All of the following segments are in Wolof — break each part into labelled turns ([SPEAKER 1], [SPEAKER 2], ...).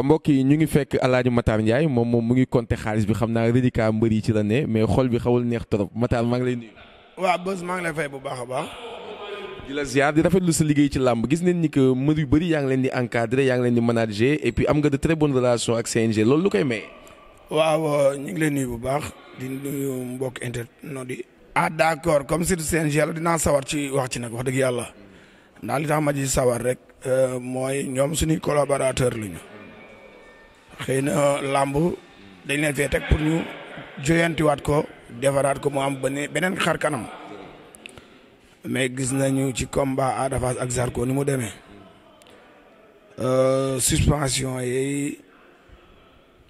[SPEAKER 1] waaw mbokk yi ñu ngi fekk Alaaji Matar Ndiaye moom moom mu ngi compter xaalis bi xam naa rédicat mbër yi ci la ne mais xol bi xawul neex trop Matar maa ngi leen nuyu.
[SPEAKER 2] waaw bés maa ngi lay fay bu baax a baax.
[SPEAKER 1] di la ziar di rafetlu sa liggéey ci làmb gis nañ ni que mbër yu bëri yaa ngi leen di encadrer yaa ngi leen di manager et puis am nga de très bonne relation ak CNG loolu lu koy maye.
[SPEAKER 2] waaw ñu ngi lay nuyu bu baax di nuyu mbokk internet di ah d' accord comme surtout CNG la dinaa sawar ci wax ci nag wax dëgg yàlla ndax li tax ma ci sawar rek euh, mooy ñoom suñuy collaborateur lañu xëy na euh, làmb dañ leen fee teg pour ñu joyantiwaat ko defaraat ko mu am beneen xar kanam mais gis nañu ci combat Ada ak Zarko ni mu demee euh, suspension yi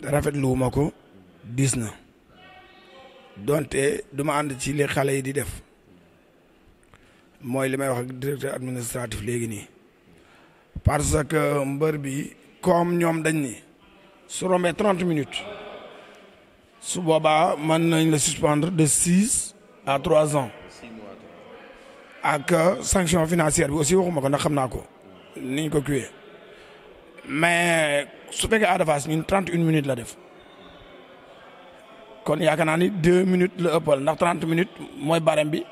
[SPEAKER 2] rafetluwuma ko diis na donte duma ànd ci li xale yi di def mooy li may wax ak directeur administratif léegi nii parce que mbër bi comme ñoom dañ ni on mes 30 minutes. Ce baba, maintenant, il le suspendre de 6 à 3 ans. Avec sanctions financières, aussi, je ne sait pas. Je ne sais Mais, si on est 31 minutes. Là kon ya 2 minutes le eppal ndax 30 minutes moy barem bi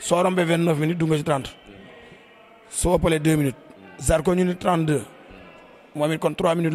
[SPEAKER 2] 29 minutes du nga ci 30 so eppalé 2 minutes zar ko ñu ni 32 momit kon 3 minutes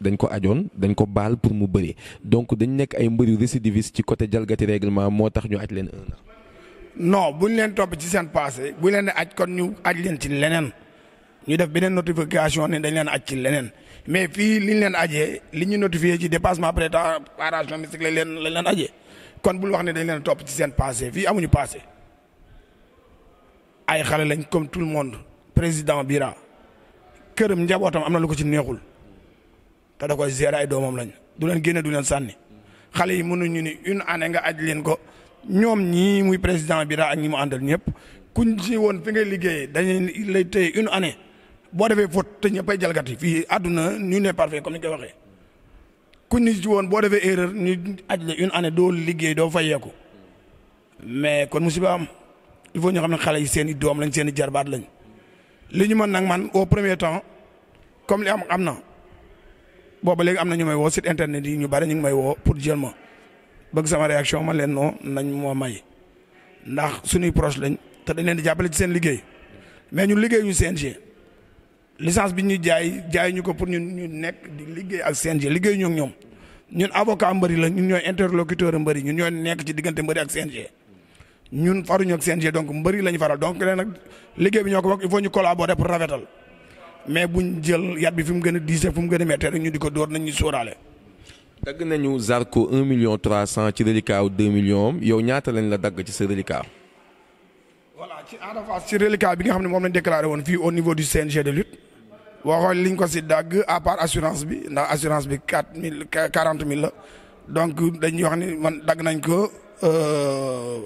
[SPEAKER 1] dañ ko ajoon dañ ko baal pour mu bëri donc dañ nekk ay mbëri récidiviste ci côté jalgati règlement moo tax ñu aj leen un an.
[SPEAKER 2] non bu ñu leen topp ci seen passé bu ñu leen di aj kon ñu aj leen ci leneen ñu def beneen notification ne dañ leen aj ci leneen mais fii li ñu leen ajee li ñu notifié ci dépassement préparation mystique lañ leen lañ leen ajee kon bul wax ne dañ leen topp ci seen passé fii amuñu passé ay xale lañ comme tout le monde président Bira këram njabootam am na lu ko ci neexul. te da koy gérer ay doomam lañ du leen génne du leen sànni xale yi mënuñu ni une année nga aj leen ko ñoom ñii muy président bi daal ak ñi mu àndal ñëpp kuñ ci woon fi ngay liggéeyee dañuy lay téye une année boo defee faute te ñëppay jalgati fii àdduna ñu ne parfait comme ni koy waxee kuñ ni ci woon boo defee erreur ñu aj une année doo liggéey doo fayeeku mais kon musiba am il faut ñu xam ne xale yi seen i doom lañ seen i jarbaat lañ li ñu mën nag man au premier temps comme li am am na. booba léegi am na ñu may woo site internet yi ñu bari ñu ngi may woo pour jël ma bëgg sama réaction ma leen noo nañ moo may ndax suñuy proche lañ te dañ leen di jàppale ci seen liggéey mais ñu liggéey ñu CNG licence bi ñu jaay jaay ñu ko pour ñun ñu nekk di liggéey ak CNG liggéey ñu ak ñoom ñun avocat mbëri la ñun ñooy interlocuteur mbëri ñun ñooy nekk ci diggante mbëri ak CNG ñun faruñu ak CNG donc mbëri lañ faral donc leen nag liggéey bi ñoo ko bokk il foo ñu collaborer pour rafetal mais buñ jël yat bi fimu gëna a gëna ñu
[SPEAKER 1] nañu Zarko un million trois ci reliquat millions yow ñaata lañ la dagg ci ce reliquat.
[SPEAKER 2] voilà ci ci bi nga au niveau du CNG de lutte à part assurance bi ndax assurance bi donc dañuy wax ni man nañ euh,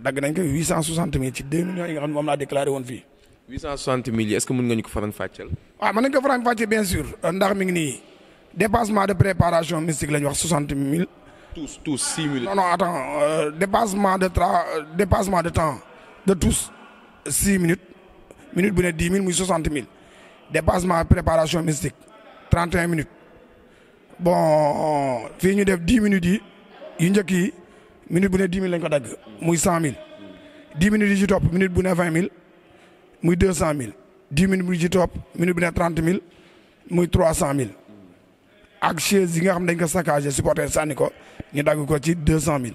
[SPEAKER 2] 860 000.
[SPEAKER 1] 2 millions yi nga déclaré 860 000. est-ce que vous pouvez ñu ko
[SPEAKER 2] Ah, Oui, je mën nañ ko faram bien sûr ndax mi ngi dépassement de préparation mystique 60 000.
[SPEAKER 1] tous tous 6 000. non non attends
[SPEAKER 2] euh, dépassement de euh, dépassement de temps de tous 6 minutes minute bu 10 000 60 000. dépassement de préparation mystique 31 minutes bon finir de 10 minutes il y a qui minute bu 10 000 lañ 100 000 10 minutes top minute 20 000 200 000 10 minutes top minute 30 000 muy 300 000 ak chaise yi nga xam dañ 200 000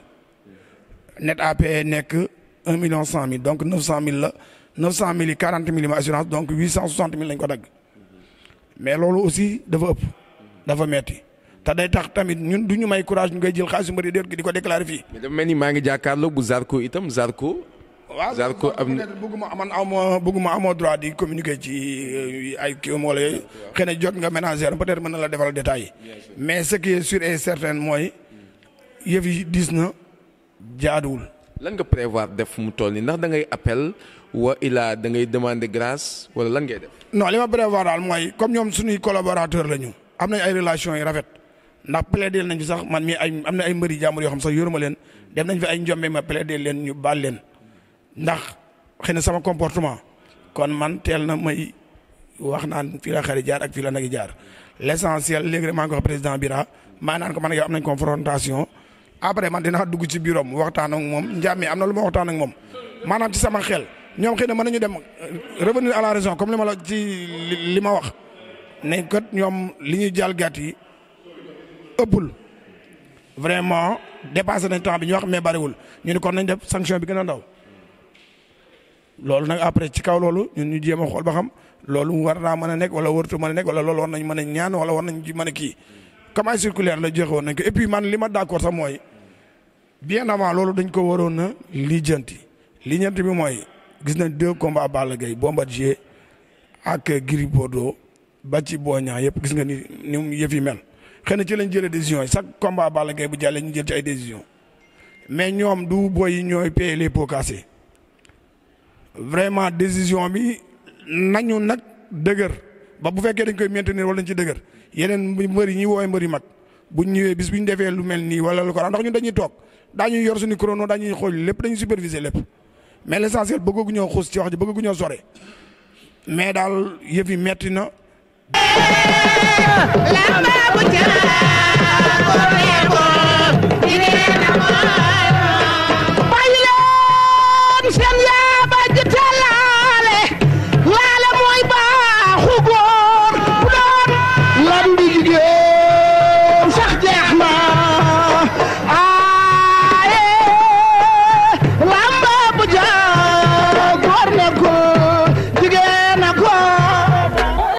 [SPEAKER 2] net APE que 1 million 100 000 donc 900 000 900 000 40 000 donc 860 000 mais loolu aussi dafa ëpp métier. te day tax tamit ñun du ñu may courage ñu koy jël
[SPEAKER 1] xaalisu mbër yi di ko déclaré fii. mais dafa mel maa ngi jàkkaarloo bu Zarko itam Zarko. Zarko am na
[SPEAKER 2] bëgguma man amoo bëgguma amoo droit di communiquer ci euh, ay kii am na jot nga ménagère peut-être mën na la defal détail mais ce qui est sûr mooy yëf yi dis na
[SPEAKER 1] jaaduwul. lan nga prévoir def mu toll nii ndax da ngay appel wa ilaa da ngay demander wala lan ngay def.
[SPEAKER 2] non li ma prévoir daal mooy comme ñoom suñuy collaborateur la ñu am nañ ay relations yu rafet. ndax plaider nañ fi sax man mi ay am na ay mbëri jàmbur yoo xam sax yoruma leen dem nañ fi ay njombe ma plaider leen ñu baal leen ndax xëy na sama comportement kon man teel na may wax naan fii la xari jaar ak fii la nagi jaar l' essentiel léegi rek maa ngi wax président Bira maa naan ko man yow am nañ confrontation après man dinaa dugg ci bureau mu waxtaan ak moom njàmm am na lu ma waxtaan ak moom maanaam ci sama xel ñoom xëy na mën nañu dem euh, revenir à la raison comme ma la ci li ma wax ne kat ñoom li ñuy jàll yi vraiment dépassé le temps bi avons mais ni kon nañ def sanction bi ndaw lolu nak après ci kaw loolu ñun ñu nous xol ba xam loolu war na mëna nek wala wala war circulaire la nañ ko et puis man li d'accord bien avant loolu dañ ko waroon na li ñënt bi gis deux Bombardier ak ba ci ni xëy na ci lañ jëlee décision yi chaque combat Balla kay bu jàllee ñu jël ci ay décision mais ñoom du boy yi ñooy payer les pots cassés vraiment décision bi nañu nag dëgër ba bu fekkee dañ koy maintenir wala dañ ci dëgër yeneen mbër yi ñuy woowee mbër yi mag bu ñu ñëwee bis bu ñu defee lu mel nii wala lu ko daan ndax ñun dañuy toog dañuy yor suñu chrono dañuy xool lépp dañuy superviser lépp mais l' essentiel bëgg ñoo xuus ci wax ji bëgg ñoo sore mais daal yëf yi metti na. Lama
[SPEAKER 1] bujang, boleh boleh, ini nama.